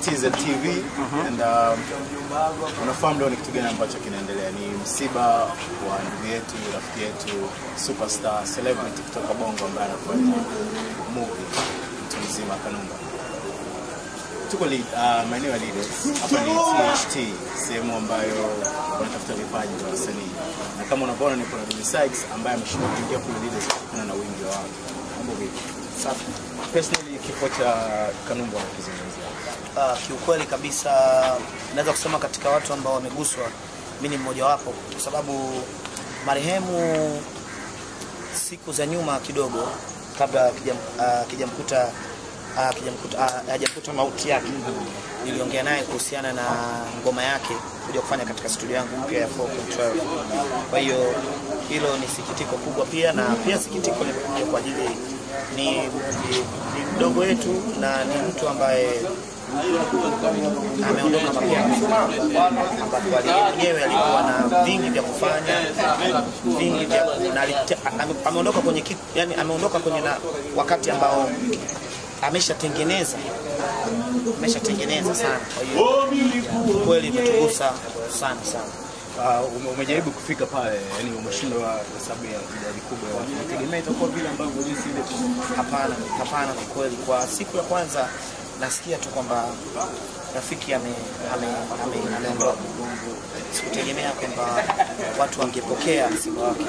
TZTV TV uh-huh. and um, unafahamu leo ni kitu gani ambacho kinaendelea. Ni msiba wa ndugu yetu, rafiki yetu, superstar celebrity kutoka Bongo ambaye anafanya movie mtu mzima Kanumba. Tuko uh, maeneo ya Leaders hapa ni THT, sehemu ambayo wanatafuta vipaji vya wasanii, na kama unavyoona ni na Dully Sykes ambaye ameshindwa kuingia kule Leaders kutokana na wingi watu. Mambo vipi? Personally kifo cha anakizungumzia. Ah, kiukweli kabisa naweza kusema katika watu ambao wameguswa mimi ni mmoja wapo kwa sababu marehemu siku za nyuma kidogo kabla akijamkuta ah, ah, hajamkuta mauti yake niliongea naye kuhusiana na ngoma yake kuja kufanya katika studio yangu mpya ya 4.12. Kwa hiyo hilo ni sikitiko kubwa pia na pia sikitiko limekuja kwa ajili ni, mdogo wetu na ni mtu ambaye ameondoka mapema ambapo mwenyewe alikuwa na vingi vya kufanya vingi vya ameondoka kwenye yani, ameondoka kwenye na wakati ambao ameshatengeneza ameshatengeneza sana. Kwa hiyo kweli imetugusa sana sana. Uh, umejaribu kufika pale, yani umeshindwa kwa sababu ya idadi kubwa ya watu. Nitegemea itakuwa vile ambavyo jinsi ile Hapana, hapana, kwa kweli, kwa siku ya kwanza nasikia tu kwamba rafiki ameondoa mgongo. Sikutegemea kwamba watu wangepokea msiba wake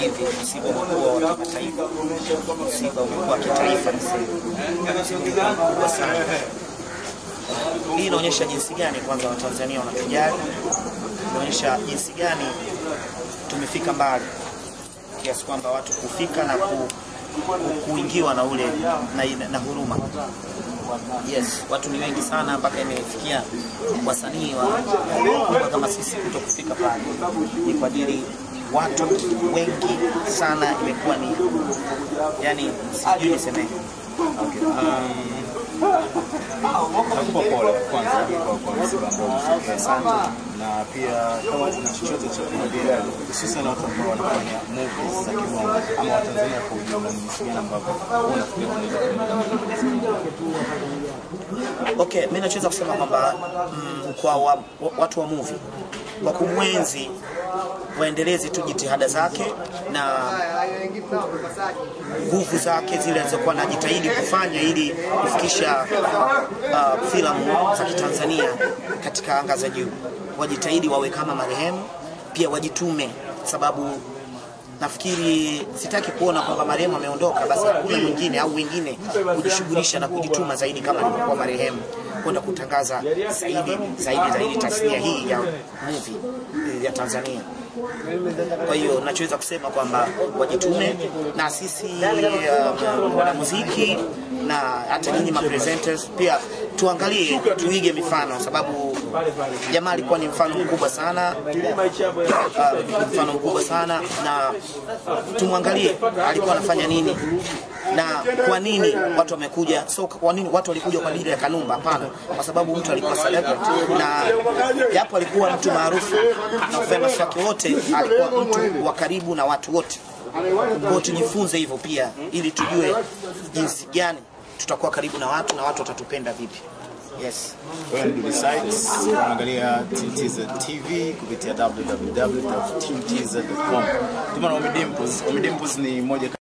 hivi. Msiba umekuwa wa kitaifa, msiba wa kitaifa, msiba mkubwa sana. Hii inaonyesha jinsi gani kwanza Watanzania wanatujali kuonyesha jinsi gani tumefika mbali kiasi kwamba watu kufika na ku, kuingiwa na ule na, na huruma. Yes, watu ni wengi sana mpaka imefikia wasanii wa kama sisi kuto kufika pale. Ni kwa ajili watu wengi sana imekuwa ni yani, sijui nisemeje nakupa pole kwanza kwa kwa msiba ambao umetokea. Asante. Na pia kama kuna chochote cha kuambia, hususan watu ambao wanafanya movies za kiuongo ama Watanzania kwa ujumla, ni jinsi gani ambavyo unafikiri unaweza kumlinda? Okay, mimi nachoweza kusema kwamba mm, kwa wa, watu wa movie kwa kumwenzi waendeleze tu jitihada zake na nguvu zake zile alizokuwa anajitahidi kufanya ili kufikisha uh, filamu za Kitanzania katika anga za juu. Wajitahidi wawe kama marehemu, pia wajitume, sababu nafikiri sitaki kuona kwamba marehemu ameondoka basi hakuna mwingine au wengine kujishughulisha na kujituma zaidi kama alivyokuwa marehemu kwenda kutangaza zaidi zaidi zaidi tasnia hii ya movie eh, ya Tanzania. Kwa hiyo nachoweza kusema kwamba wajitume na sisi uh, wanamuziki na hata nyinyi presenters pia tuangalie tuige mifano, sababu jamaa alikuwa ni mfano mkubwa sana uh, mfano mkubwa sana na tumwangalie alikuwa anafanya nini na kwa nini watu wamekuja, so kwa nini watu walikuja kwa ajili ya Kanumba? Hapana, kwa sababu mtu alikuwa celebrity, na japo alikuwa mtu maarufu na famous wake wote, alikuwa mtu wa karibu na watu wote. Kwa tujifunze hivyo pia, ili tujue jinsi gani tutakuwa karibu na watu na watu watatupenda vipi. Yes. Unaangalia TTZ TV kupitia www.tmtz.com. Tumaona Omidimpos. Omidimpos ni moja